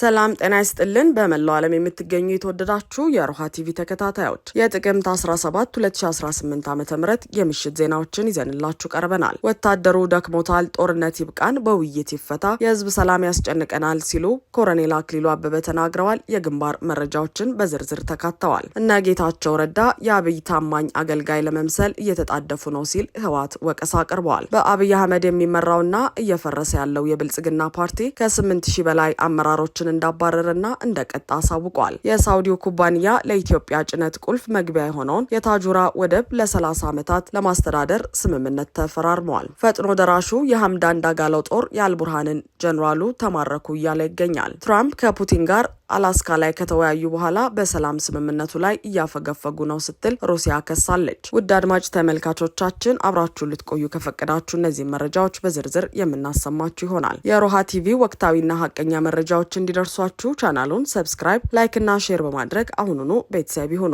ሰላም ጤና ይስጥልን። በመላው ዓለም የምትገኙ የተወደዳችሁ የሮሃ ቲቪ ተከታታዮች የጥቅምት 17 2018 ዓ ም የምሽት ዜናዎችን ይዘንላችሁ ቀርበናል። ወታደሩ ደክሞታል፣ ጦርነት ይብቃን፣ በውይይት ይፈታ፣ የህዝብ ሰላም ያስጨንቀናል ሲሉ ኮሎኔል አክሊሉ አበበ ተናግረዋል። የግንባር መረጃዎችን በዝርዝር ተካተዋል። እነ ጌታቸው ረዳ የአብይ ታማኝ አገልጋይ ለመምሰል እየተጣደፉ ነው ሲል ህወሓት ወቀሳ አቅርበዋል። በአብይ አህመድ የሚመራውና እየፈረሰ ያለው የብልጽግና ፓርቲ ከ8 ሺህ በላይ አመራሮችን እንዳባረረና እንደቀጣ አሳውቋል። የሳውዲው ኩባንያ ለኢትዮጵያ ጭነት ቁልፍ መግቢያ የሆነውን የታጁራ ወደብ ለ30 ዓመታት ለማስተዳደር ስምምነት ተፈራርመዋል። ፈጥኖ ደራሹ የሐምዳን ዳጋለው ጦር የአልቡርሃንን ጀኔራሉ ተማረኩ እያለ ይገኛል። ትራምፕ ከፑቲን ጋር አላስካ ላይ ከተወያዩ በኋላ በሰላም ስምምነቱ ላይ እያፈገፈጉ ነው ስትል ሩሲያ ከሳለች። ውድ አድማጭ ተመልካቾቻችን አብራችሁ ልትቆዩ ከፈቀዳችሁ እነዚህ መረጃዎች በዝርዝር የምናሰማችሁ ይሆናል። የሮሃ ቲቪ ወቅታዊና ሀቀኛ መረጃዎች እንዲ እንዲደርሷችሁ ቻናሉን ሰብስክራይብ፣ ላይክ እና ሼር በማድረግ አሁኑኑ ቤተሰብ ይሁኑ።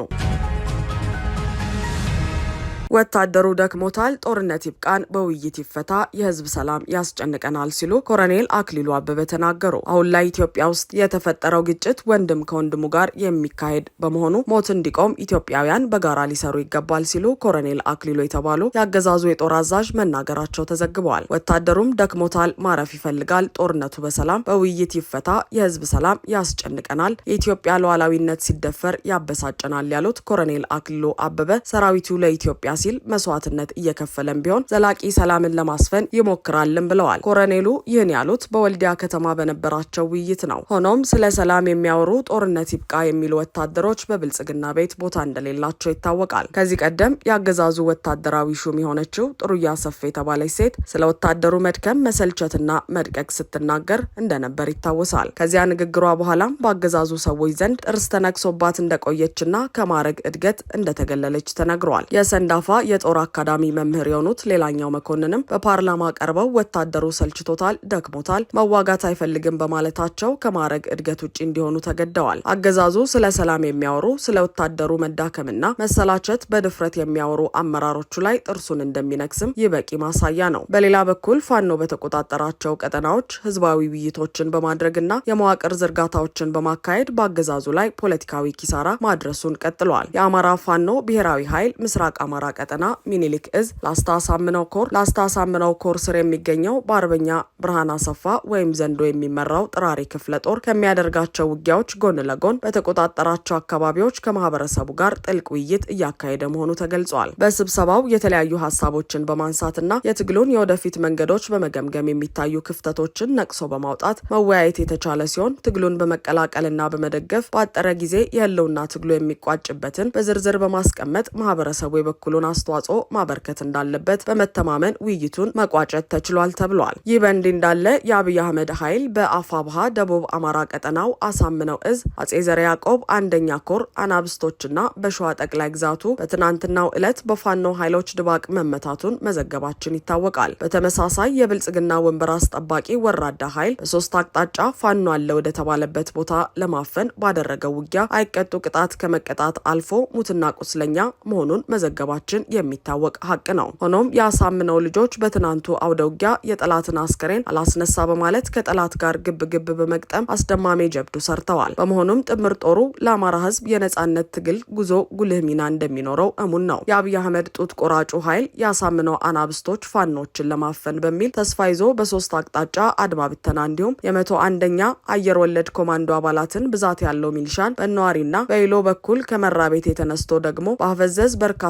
ወታደሩ ደክሞታል፣ ጦርነት ይብቃን፣ በውይይት ይፈታ፣ የህዝብ ሰላም ያስጨንቀናል ሲሉ ኮረኔል አክሊሉ አበበ ተናገሩ። አሁን ላይ ኢትዮጵያ ውስጥ የተፈጠረው ግጭት ወንድም ከወንድሙ ጋር የሚካሄድ በመሆኑ ሞት እንዲቆም ኢትዮጵያውያን በጋራ ሊሰሩ ይገባል ሲሉ ኮረኔል አክሊሉ የተባሉ የአገዛዙ የጦር አዛዥ መናገራቸው ተዘግበዋል። ወታደሩም ደክሞታል፣ ማረፍ ይፈልጋል፣ ጦርነቱ በሰላም በውይይት ይፈታ፣ የህዝብ ሰላም ያስጨንቀናል፣ የኢትዮጵያ ሉዓላዊነት ሲደፈር ያበሳጨናል ያሉት ኮረኔል አክሊሉ አበበ ሰራዊቱ ለኢትዮጵያ ሲል መስዋዕትነት እየከፈለን ቢሆን ዘላቂ ሰላምን ለማስፈን ይሞክራልን ብለዋል። ኮረኔሉ ይህን ያሉት በወልዲያ ከተማ በነበራቸው ውይይት ነው። ሆኖም ስለ ሰላም የሚያወሩ ጦርነት ይብቃ የሚሉ ወታደሮች በብልጽግና ቤት ቦታ እንደሌላቸው ይታወቃል። ከዚህ ቀደም የአገዛዙ ወታደራዊ ሹም የሆነችው ጥሩያ ሰፌ የተባለች ሴት ስለ ወታደሩ መድከም መሰልቸትና መድቀቅ ስትናገር እንደነበር ይታወሳል። ከዚያ ንግግሯ በኋላም በአገዛዙ ሰዎች ዘንድ ጥርስ ተነክሶባት እንደቆየችና ከማዕረግ እድገት እንደተገለለች ተነግሯል። የሰንዳፋ የጦር አካዳሚ መምህር የሆኑት ሌላኛው መኮንንም በፓርላማ ቀርበው ወታደሩ ሰልችቶታል፣ ደክሞታል፣ መዋጋት አይፈልግም በማለታቸው ከማዕረግ እድገት ውጭ እንዲሆኑ ተገደዋል። አገዛዙ ስለ ሰላም የሚያወሩ ስለ ወታደሩ መዳከምና መሰላቸት በድፍረት የሚያወሩ አመራሮቹ ላይ ጥርሱን እንደሚነክስም ይህ በቂ ማሳያ ነው። በሌላ በኩል ፋኖ በተቆጣጠራቸው ቀጠናዎች ህዝባዊ ውይይቶችን በማድረግና የመዋቅር ዝርጋታዎችን በማካሄድ በአገዛዙ ላይ ፖለቲካዊ ኪሳራ ማድረሱን ቀጥሏል። የአማራ ፋኖ ብሔራዊ ኃይል ምስራቅ አማራ ቀጠና ሚኒሊክ እዝ ላስታ አሳምነው ኮር ላስታ አሳምነው ኮር ስር የሚገኘው በአርበኛ ብርሃን አሰፋ ወይም ዘንዶ የሚመራው ጥራሪ ክፍለ ጦር ከሚያደርጋቸው ውጊያዎች ጎን ለጎን በተቆጣጠራቸው አካባቢዎች ከማህበረሰቡ ጋር ጥልቅ ውይይት እያካሄደ መሆኑ ተገልጿል። በስብሰባው የተለያዩ ሀሳቦችን በማንሳትና የትግሉን የወደፊት መንገዶች በመገምገም የሚታዩ ክፍተቶችን ነቅሶ በማውጣት መወያየት የተቻለ ሲሆን ትግሉን በመቀላቀልና በመደገፍ በአጠረ ጊዜ የህልውና ትግሉ የሚቋጭበትን በዝርዝር በማስቀመጥ ማህበረሰቡ የበኩሉን ያለውን አስተዋጽኦ ማበርከት እንዳለበት በመተማመን ውይይቱን መቋጨት ተችሏል ተብሏል። ይህ በእንዲህ እንዳለ የአብይ አህመድ ኃይል በአፋብሃ ደቡብ አማራ ቀጠናው አሳምነው እዝ አጼ ዘረ ያዕቆብ አንደኛ ኮር አናብስቶችና በሸዋ ጠቅላይ ግዛቱ በትናንትናው ዕለት በፋኖ ኃይሎች ድባቅ መመታቱን መዘገባችን ይታወቃል። በተመሳሳይ የብልጽግና ወንበር አስጠባቂ ወራዳ ኃይል በሶስት አቅጣጫ ፋኖ አለ ወደተባለበት ቦታ ለማፈን ባደረገው ውጊያ አይቀጡ ቅጣት ከመቀጣት አልፎ ሙትና ቁስለኛ መሆኑን መዘገባችን መሆናችን የሚታወቅ ሀቅ ነው። ሆኖም የአሳምነው ልጆች በትናንቱ አውደውጊያ የጠላትን አስከሬን አላስነሳ በማለት ከጠላት ጋር ግብ ግብ በመግጠም አስደማሚ ጀብዱ ሰርተዋል። በመሆኑም ጥምር ጦሩ ለአማራ ህዝብ የነጻነት ትግል ጉዞ ጉልህ ሚና እንደሚኖረው እሙን ነው። የአብይ አህመድ ጡት ቆራጩ ኃይል የአሳምነው አናብስቶች ፋኖችን ለማፈን በሚል ተስፋ ይዞ በሶስት አቅጣጫ አድማ ብተና እንዲሁም የመቶ አንደኛ አየር ወለድ ኮማንዶ አባላትን ብዛት ያለው ሚሊሻን በነዋሪና በይሎ በኩል ከመራ ቤት የተነስቶ ደግሞ በአፈዘዝ በርካቶ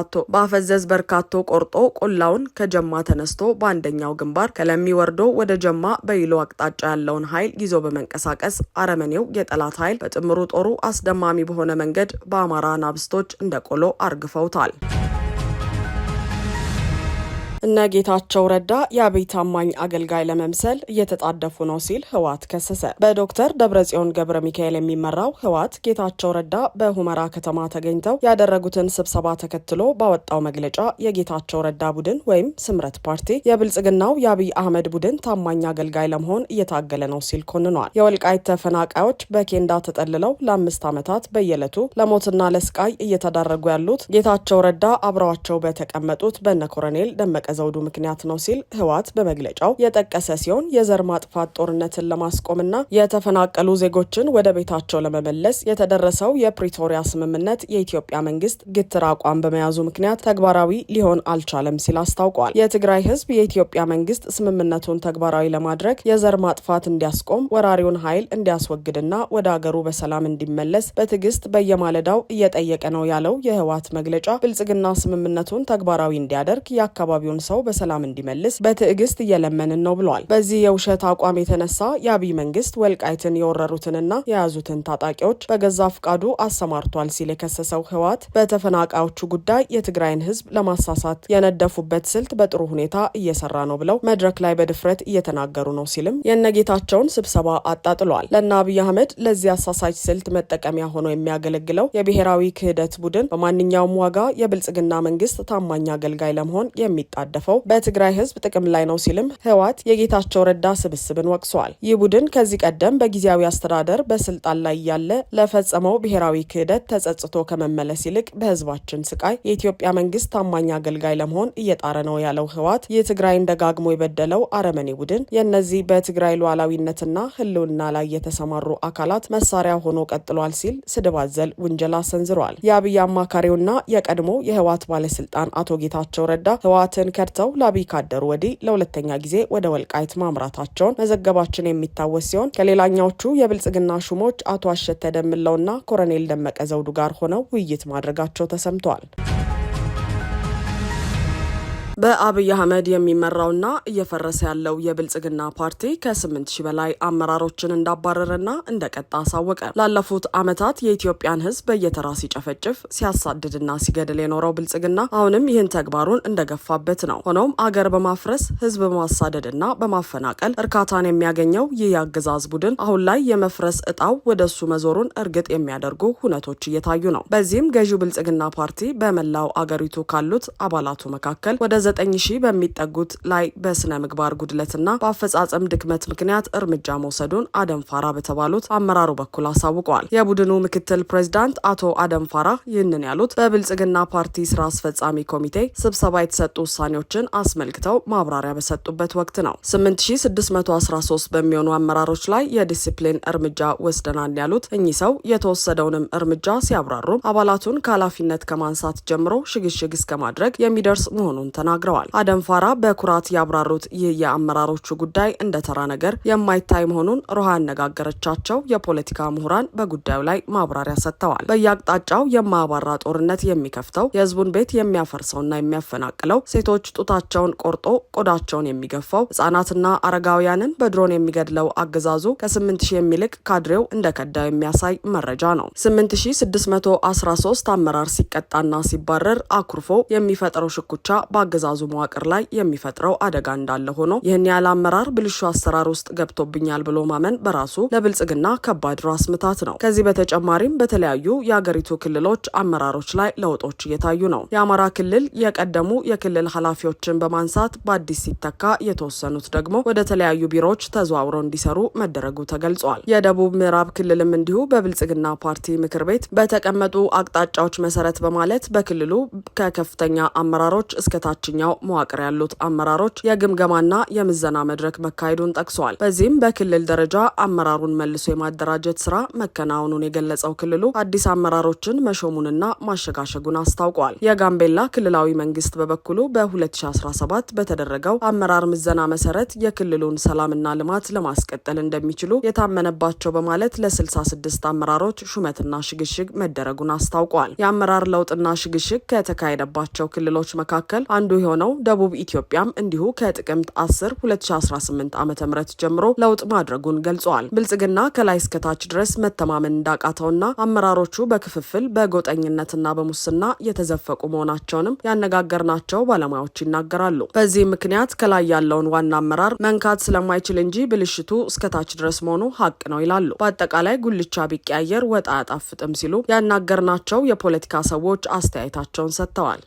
ለመፈዘዝ በርካቶ ቆርጦ ቆላውን ከጀማ ተነስቶ በአንደኛው ግንባር ከለሚ ወርዶ ወደ ጀማ በይሎ አቅጣጫ ያለውን ኃይል ይዞ በመንቀሳቀስ አረመኔው የጠላት ኃይል በጥምሩ ጦሩ አስደማሚ በሆነ መንገድ በአማራ ናብስቶች እንደ ቆሎ አርግፈውታል። እነ ጌታቸው ረዳ የአብይ ታማኝ አገልጋይ ለመምሰል እየተጣደፉ ነው ሲል ህወሓት ከሰሰ። በዶክተር ደብረጽዮን ገብረ ሚካኤል የሚመራው ህወሓት ጌታቸው ረዳ በሁመራ ከተማ ተገኝተው ያደረጉትን ስብሰባ ተከትሎ ባወጣው መግለጫ የጌታቸው ረዳ ቡድን ወይም ስምረት ፓርቲ የብልጽግናው የአብይ አህመድ ቡድን ታማኝ አገልጋይ ለመሆን እየታገለ ነው ሲል ኮንኗል። የወልቃይት ተፈናቃዮች በኬንዳ ተጠልለው ለአምስት ዓመታት በየዕለቱ ለሞትና ለስቃይ እየተዳረጉ ያሉት ጌታቸው ረዳ አብረዋቸው በተቀመጡት በነ ኮሎኔል ደመቀ ዘውዱ ምክንያት ነው ሲል ህወሓት በመግለጫው የጠቀሰ ሲሆን የዘር ማጥፋት ጦርነትን ለማስቆምና የተፈናቀሉ ዜጎችን ወደ ቤታቸው ለመመለስ የተደረሰው የፕሪቶሪያ ስምምነት የኢትዮጵያ መንግስት ግትር አቋም በመያዙ ምክንያት ተግባራዊ ሊሆን አልቻለም ሲል አስታውቋል። የትግራይ ህዝብ የኢትዮጵያ መንግስት ስምምነቱን ተግባራዊ ለማድረግ የዘር ማጥፋት እንዲያስቆም፣ ወራሪውን ኃይል እንዲያስወግድና ወደ አገሩ በሰላም እንዲመለስ በትዕግስት በየማለዳው እየጠየቀ ነው ያለው የህወሓት መግለጫ ብልጽግና ስምምነቱን ተግባራዊ እንዲያደርግ የአካባቢውን ሰው በሰላም እንዲመልስ በትዕግስት እየለመንን ነው ብለዋል። በዚህ የውሸት አቋም የተነሳ የአብይ መንግስት ወልቃይትን የወረሩትንና የያዙትን ታጣቂዎች በገዛ ፍቃዱ አሰማርቷል ሲል የከሰሰው ህወሓት በተፈናቃዮቹ ጉዳይ የትግራይን ህዝብ ለማሳሳት የነደፉበት ስልት በጥሩ ሁኔታ እየሰራ ነው ብለው መድረክ ላይ በድፍረት እየተናገሩ ነው ሲልም የነጌታቸውን ስብሰባ አጣጥሏል። ለእነ አብይ አህመድ ለዚህ አሳሳች ስልት መጠቀሚያ ሆኖ የሚያገለግለው የብሔራዊ ክህደት ቡድን በማንኛውም ዋጋ የብልጽግና መንግስት ታማኝ አገልጋይ ለመሆን የሚጣደ የሚሳደፈው በትግራይ ህዝብ ጥቅም ላይ ነው ሲልም ህወሓት የጌታቸው ረዳ ስብስብን ወቅሷል። ይህ ቡድን ከዚህ ቀደም በጊዜያዊ አስተዳደር በስልጣን ላይ እያለ ለፈጸመው ብሔራዊ ክህደት ተጸጽቶ ከመመለስ ይልቅ በህዝባችን ስቃይ የኢትዮጵያ መንግስት ታማኝ አገልጋይ ለመሆን እየጣረ ነው ያለው ህወሓት የትግራይን ደጋግሞ የበደለው አረመኔ ቡድን የእነዚህ በትግራይ ሉዓላዊነትና ህልውና ላይ የተሰማሩ አካላት መሳሪያ ሆኖ ቀጥሏል ሲል ስድብ አዘል ውንጀላ ሰንዝረዋል። የአብይ አማካሪውና የቀድሞ የህወሓት ባለስልጣን አቶ ጌታቸው ረዳ ህወሓትን ከድተው ላቢ ካደሩ ወዲህ ለሁለተኛ ጊዜ ወደ ወልቃይት ማምራታቸውን መዘገባችን የሚታወስ ሲሆን ከሌላኛዎቹ የብልጽግና ሹሞች አቶ አሸተ ደምለውና ኮረኔል ደመቀ ዘውዱ ጋር ሆነው ውይይት ማድረጋቸው ተሰምተዋል። በአብይ አህመድ የሚመራውና እየፈረሰ ያለው የብልጽግና ፓርቲ ከስምንት ሺህ በላይ አመራሮችን እንዳባረረና እንደቀጣ አሳወቀ። ላለፉት ዓመታት የኢትዮጵያን ህዝብ በየተራ ሲጨፈጭፍ ሲያሳድድና ሲገድል የኖረው ብልጽግና አሁንም ይህን ተግባሩን እንደገፋበት ነው። ሆኖም አገር በማፍረስ ህዝብ በማሳደድና በማፈናቀል እርካታን የሚያገኘው ይህ የአገዛዝ ቡድን አሁን ላይ የመፍረስ እጣው ወደሱ መዞሩን እርግጥ የሚያደርጉ ሁነቶች እየታዩ ነው። በዚህም ገዢው ብልጽግና ፓርቲ በመላው አገሪቱ ካሉት አባላቱ መካከል ወደ ዘጠኝሺህ ሺህ በሚጠጉት ላይ በስነ ምግባር ጉድለትና በአፈጻጸም ድክመት ምክንያት እርምጃ መውሰዱን አደም ፋራ በተባሉት አመራሩ በኩል አሳውቀዋል። የቡድኑ ምክትል ፕሬዚዳንት አቶ አደም ፋራ ይህንን ያሉት በብልጽግና ፓርቲ ስራ አስፈጻሚ ኮሚቴ ስብሰባ የተሰጡ ውሳኔዎችን አስመልክተው ማብራሪያ በሰጡበት ወቅት ነው። 8613 በሚሆኑ አመራሮች ላይ የዲሲፕሊን እርምጃ ወስደናል ያሉት እኚህ ሰው የተወሰደውንም እርምጃ ሲያብራሩም አባላቱን ከኃላፊነት ከማንሳት ጀምሮ ሽግሽግ እስከማድረግ የሚደርስ መሆኑን ተናግረዋል። ተናግረዋል። አደም ፋራ በኩራት ያብራሩት ይህ የአመራሮቹ ጉዳይ እንደ ተራ ነገር የማይታይ መሆኑን ሮሃ ያነጋገረቻቸው የፖለቲካ ምሁራን በጉዳዩ ላይ ማብራሪያ ሰጥተዋል። በየአቅጣጫው የማያባራ ጦርነት የሚከፍተው የህዝቡን ቤት የሚያፈርሰውና የሚያፈናቅለው ሴቶች ጡታቸውን ቆርጦ ቆዳቸውን የሚገፋው ህጻናትና አረጋውያንን በድሮን የሚገድለው አገዛዙ ከስምንት ሺህ የሚልቅ ካድሬው እንደከዳው የሚያሳይ መረጃ ነው። 8613 አመራር ሲቀጣና ሲባረር አኩርፎ የሚፈጥረው ሽኩቻ በአገዛ በአገዛዙ መዋቅር ላይ የሚፈጥረው አደጋ እንዳለ ሆኖ ይህን ያለ አመራር ብልሹ አሰራር ውስጥ ገብቶብኛል ብሎ ማመን በራሱ ለብልጽግና ከባድ ራስ ምታት ነው። ከዚህ በተጨማሪም በተለያዩ የአገሪቱ ክልሎች አመራሮች ላይ ለውጦች እየታዩ ነው። የአማራ ክልል የቀደሙ የክልል ኃላፊዎችን በማንሳት በአዲስ ሲተካ የተወሰኑት ደግሞ ወደ ተለያዩ ቢሮዎች ተዘዋውረው እንዲሰሩ መደረጉ ተገልጿል። የደቡብ ምዕራብ ክልልም እንዲሁ በብልጽግና ፓርቲ ምክር ቤት በተቀመጡ አቅጣጫዎች መሰረት በማለት በክልሉ ከከፍተኛ አመራሮች እስከታች በታችኛው መዋቅር ያሉት አመራሮች የግምገማና የምዘና መድረክ መካሄዱን ጠቅሷል። በዚህም በክልል ደረጃ አመራሩን መልሶ የማደራጀት ስራ መከናወኑን የገለጸው ክልሉ አዲስ አመራሮችን መሾሙንና ማሸጋሸጉን አስታውቋል። የጋምቤላ ክልላዊ መንግስት በበኩሉ በ2017 በተደረገው አመራር ምዘና መሰረት የክልሉን ሰላምና ልማት ለማስቀጠል እንደሚችሉ የታመነባቸው በማለት ለ66 አመራሮች ሹመትና ሽግሽግ መደረጉን አስታውቋል። የአመራር ለውጥና ሽግሽግ ከተካሄደባቸው ክልሎች መካከል አንዱ የሆነው ደቡብ ኢትዮጵያም እንዲሁ ከጥቅምት 10 2018 ዓ ም ጀምሮ ለውጥ ማድረጉን ገልጿል። ብልጽግና ከላይ እስከታች ድረስ መተማመን እንዳቃተውና አመራሮቹ በክፍፍል በጎጠኝነትና በሙስና የተዘፈቁ መሆናቸውንም ያነጋገርናቸው ባለሙያዎች ይናገራሉ። በዚህ ምክንያት ከላይ ያለውን ዋና አመራር መንካት ስለማይችል እንጂ ብልሽቱ እስከታች ድረስ መሆኑ ሀቅ ነው ይላሉ። በአጠቃላይ ጉልቻ ቢቀያየር ወጥ አያጣፍጥም ሲሉ ያናገርናቸው የፖለቲካ ሰዎች አስተያየታቸውን ሰጥተዋል።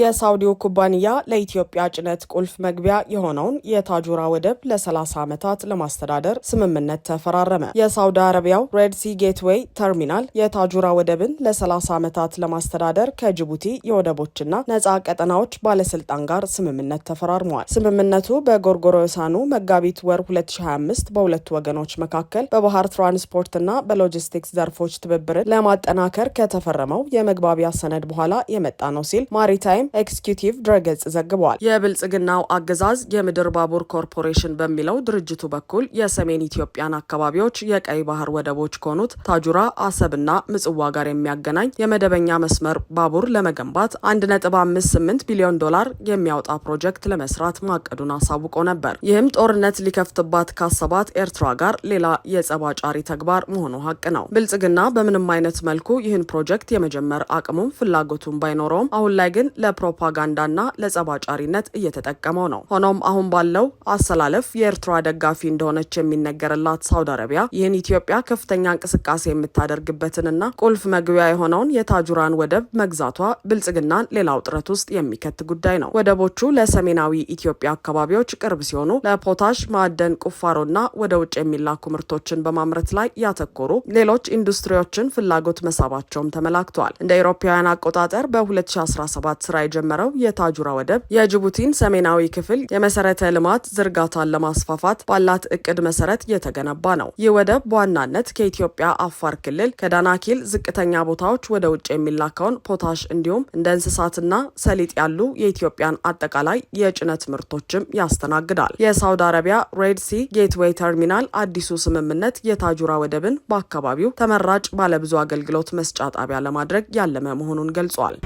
የሳውዲው ኩባንያ ለኢትዮጵያ ጭነት ቁልፍ መግቢያ የሆነውን የታጁራ ወደብ ለ30 ዓመታት ለማስተዳደር ስምምነት ተፈራረመ። የሳውዲ አረቢያው ሬድሲ ጌትዌይ ተርሚናል የታጁራ ወደብን ለ30 ዓመታት ለማስተዳደር ከጅቡቲ የወደቦችና ነፃ ቀጠናዎች ባለስልጣን ጋር ስምምነት ተፈራርመዋል። ስምምነቱ በጎርጎሮሳኑ መጋቢት ወር 2025 በሁለቱ ወገኖች መካከል በባህር ትራንስፖርትና በሎጂስቲክስ ዘርፎች ትብብርን ለማጠናከር ከተፈረመው የመግባቢያ ሰነድ በኋላ የመጣ ነው ሲል ማሪታይም ኤክስኪዩቲቭ ድረገጽ ዘግቧል። የብልጽግናው አገዛዝ የምድር ባቡር ኮርፖሬሽን በሚለው ድርጅቱ በኩል የሰሜን ኢትዮጵያን አካባቢዎች የቀይ ባህር ወደቦች ከሆኑት ታጁራ፣ አሰብና ምጽዋ ጋር የሚያገናኝ የመደበኛ መስመር ባቡር ለመገንባት 1.58 ቢሊዮን ዶላር የሚያወጣ ፕሮጀክት ለመስራት ማቀዱን አሳውቆ ነበር። ይህም ጦርነት ሊከፍትባት ካሰባት ኤርትራ ጋር ሌላ የጸባጫሪ ተግባር መሆኑ ሀቅ ነው። ብልጽግና በምንም አይነት መልኩ ይህን ፕሮጀክት የመጀመር አቅሙም ፍላጎቱም ባይኖረውም አሁን ላይ ግን ለ ለፕሮፓጋንዳና ለጸባጫሪነት እየተጠቀመው ነው። ሆኖም አሁን ባለው አሰላለፍ የኤርትራ ደጋፊ እንደሆነች የሚነገርላት ሳውዲ አረቢያ ይህን ኢትዮጵያ ከፍተኛ እንቅስቃሴ የምታደርግበትንና ቁልፍ መግቢያ የሆነውን የታጁራን ወደብ መግዛቷ ብልጽግናን ሌላ ውጥረት ውስጥ የሚከት ጉዳይ ነው። ወደቦቹ ለሰሜናዊ ኢትዮጵያ አካባቢዎች ቅርብ ሲሆኑ ለፖታሽ ማዕደን ቁፋሮና ወደ ውጭ የሚላኩ ምርቶችን በማምረት ላይ ያተኮሩ ሌሎች ኢንዱስትሪዎችን ፍላጎት መሳባቸውም ተመላክቷል። እንደ አውሮፓውያን አቆጣጠር በ2017 ስራ ስራ የጀመረው የታጁራ ወደብ የጅቡቲን ሰሜናዊ ክፍል የመሰረተ ልማት ዝርጋታን ለማስፋፋት ባላት እቅድ መሰረት የተገነባ ነው። ይህ ወደብ በዋናነት ከኢትዮጵያ አፋር ክልል ከዳናኪል ዝቅተኛ ቦታዎች ወደ ውጭ የሚላከውን ፖታሽ እንዲሁም እንደ እንስሳትና ሰሊጥ ያሉ የኢትዮጵያን አጠቃላይ የጭነት ምርቶችም ያስተናግዳል። የሳውዲ አረቢያ ሬድ ሲ ጌትዌይ ተርሚናል አዲሱ ስምምነት የታጁራ ወደብን በአካባቢው ተመራጭ ባለብዙ አገልግሎት መስጫ ጣቢያ ለማድረግ ያለመ መሆኑን ገልጿል።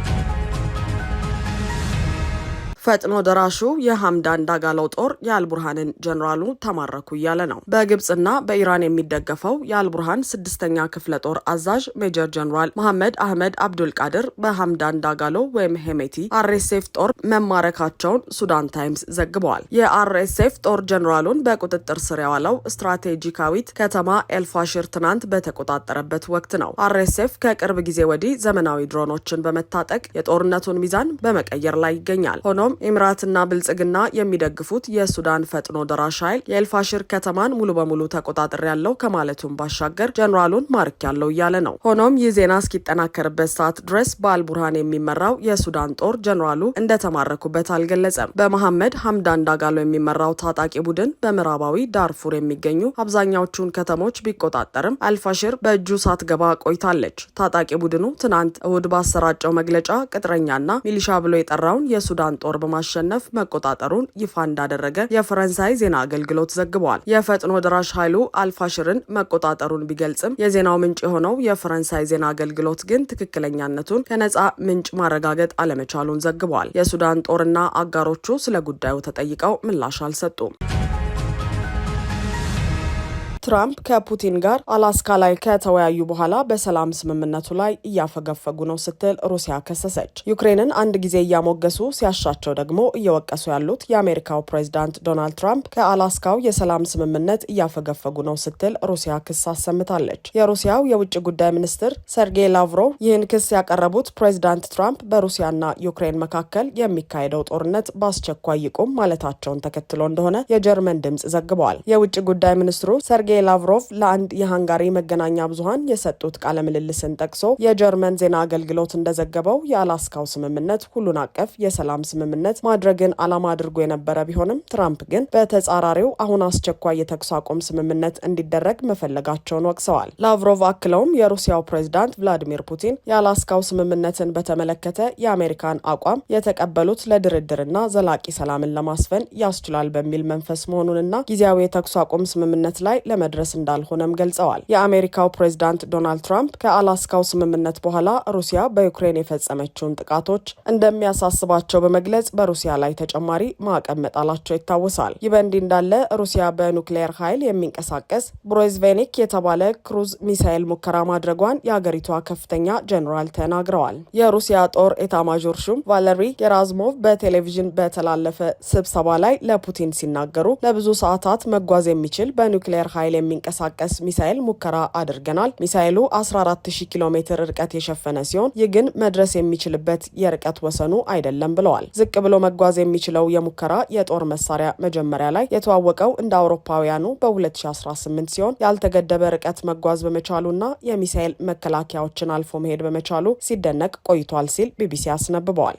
ፈጥኖ ደራሹ የሀምዳን ዳጋለው ጦር የአልቡርሃንን ጀኔራሉ ተማረኩ እያለ ነው። በግብፅና በኢራን የሚደገፈው የአልቡርሃን ስድስተኛ ክፍለ ጦር አዛዥ ሜጀር ጀኔራል መሐመድ አህመድ አብዱል ቃድር ዳጋሎ ወይም ሄሜቲ አርኤስኤፍ ጦር መማረካቸውን ሱዳን ታይምስ ዘግበዋል። የአርኤስኤፍ ጦር ጀኔራሉን በቁጥጥር ስር የዋለው ስትራቴጂካዊት ከተማ ኤልፋሽር ትናንት በተቆጣጠረበት ወቅት ነው። አርኤስኤፍ ከቅርብ ጊዜ ወዲህ ዘመናዊ ድሮኖችን በመታጠቅ የጦርነቱን ሚዛን በመቀየር ላይ ይገኛል። ሆኖም ሆኖም ኢምራትና ብልጽግና የሚደግፉት የሱዳን ፈጥኖ ደራሽ ኃይል የኤልፋሽር ከተማን ሙሉ በሙሉ ተቆጣጠር ያለው ከማለቱም ባሻገር ጀኔራሉን ማርክ ያለው እያለ ነው። ሆኖም ይህ ዜና እስኪጠናከርበት ሰዓት ድረስ በአልቡርሃን የሚመራው የሱዳን ጦር ጀኔራሉ እንደተማረኩበት አልገለጸም። በመሐመድ ሀምዳን ዳጋሎ የሚመራው ታጣቂ ቡድን በምዕራባዊ ዳርፉር የሚገኙ አብዛኛዎቹን ከተሞች ቢቆጣጠርም አልፋሽር በእጁ ሳትገባ ቆይታለች። ታጣቂ ቡድኑ ትናንት እሁድ ባሰራጨው መግለጫ ቅጥረኛና ሚሊሻ ብሎ የጠራውን የሱዳን ጦር በማሸነፍ መቆጣጠሩን ይፋ እንዳደረገ የፈረንሳይ ዜና አገልግሎት ዘግቧል። የፈጥኖ ደራሽ ኃይሉ አልፋሽርን መቆጣጠሩን ቢገልጽም የዜናው ምንጭ የሆነው የፈረንሳይ ዜና አገልግሎት ግን ትክክለኛነቱን ከነጻ ምንጭ ማረጋገጥ አለመቻሉን ዘግቧል። የሱዳን ጦርና አጋሮቹ ስለ ጉዳዩ ተጠይቀው ምላሽ አልሰጡም። ትራምፕ ከፑቲን ጋር አላስካ ላይ ከተወያዩ በኋላ በሰላም ስምምነቱ ላይ እያፈገፈጉ ነው ስትል ሩሲያ ከሰሰች። ዩክሬንን አንድ ጊዜ እያሞገሱ ሲያሻቸው ደግሞ እየወቀሱ ያሉት የአሜሪካው ፕሬዚዳንት ዶናልድ ትራምፕ ከአላስካው የሰላም ስምምነት እያፈገፈጉ ነው ስትል ሩሲያ ክስ አሰምታለች። የሩሲያው የውጭ ጉዳይ ሚኒስትር ሰርጌይ ላቭሮቭ ይህን ክስ ያቀረቡት ፕሬዚዳንት ትራምፕ በሩሲያና ዩክሬን መካከል የሚካሄደው ጦርነት በአስቸኳይ ይቁም ማለታቸውን ተከትሎ እንደሆነ የጀርመን ድምጽ ዘግበዋል። የውጭ ጉዳይ ሚኒስትሩ ሰርጌ ሰርጌይ ላቭሮቭ ለአንድ የሃንጋሪ መገናኛ ብዙሀን የሰጡት ቃለ ምልልስን ጠቅሶ የጀርመን ዜና አገልግሎት እንደዘገበው የአላስካው ስምምነት ሁሉን አቀፍ የሰላም ስምምነት ማድረግን ዓላማ አድርጎ የነበረ ቢሆንም ትራምፕ ግን በተጻራሪው አሁን አስቸኳይ የተኩስ አቁም ስምምነት እንዲደረግ መፈለጋቸውን ወቅሰዋል። ላቭሮቭ አክለውም የሩሲያው ፕሬዝዳንት ቭላዲሚር ፑቲን የአላስካው ስምምነትን በተመለከተ የአሜሪካን አቋም የተቀበሉት ለድርድርና ዘላቂ ሰላምን ለማስፈን ያስችላል በሚል መንፈስ መሆኑንና ጊዜያዊ የተኩስ አቁም ስምምነት ላይ ለመድረስ እንዳልሆነም ገልጸዋል። የአሜሪካው ፕሬዚዳንት ዶናልድ ትራምፕ ከአላስካው ስምምነት በኋላ ሩሲያ በዩክሬን የፈጸመችውን ጥቃቶች እንደሚያሳስባቸው በመግለጽ በሩሲያ ላይ ተጨማሪ ማዕቀብ መጣላቸው ይታወሳል። ይህ በእንዲህ እንዳለ ሩሲያ በኑክሌየር ኃይል የሚንቀሳቀስ ብሮዝቬኒክ የተባለ ክሩዝ ሚሳኤል ሙከራ ማድረጓን የአገሪቷ ከፍተኛ ጀኔራል ተናግረዋል። የሩሲያ ጦር ኤታማዦር ሹም ቫለሪ ጌራዝሞቭ በቴሌቪዥን በተላለፈ ስብሰባ ላይ ለፑቲን ሲናገሩ ለብዙ ሰዓታት መጓዝ የሚችል በኑክሌር ኃይል ኃይል የሚንቀሳቀስ ሚሳኤል ሙከራ አድርገናል። ሚሳኤሉ 140 ኪሎ ሜትር ርቀት የሸፈነ ሲሆን ይህ ግን መድረስ የሚችልበት የርቀት ወሰኑ አይደለም ብለዋል። ዝቅ ብሎ መጓዝ የሚችለው የሙከራ የጦር መሳሪያ መጀመሪያ ላይ የተዋወቀው እንደ አውሮፓውያኑ በ2018 ሲሆን ያልተገደበ ርቀት መጓዝ በመቻሉና የሚሳኤል መከላከያዎችን አልፎ መሄድ በመቻሉ ሲደነቅ ቆይቷል ሲል ቢቢሲ አስነብበዋል።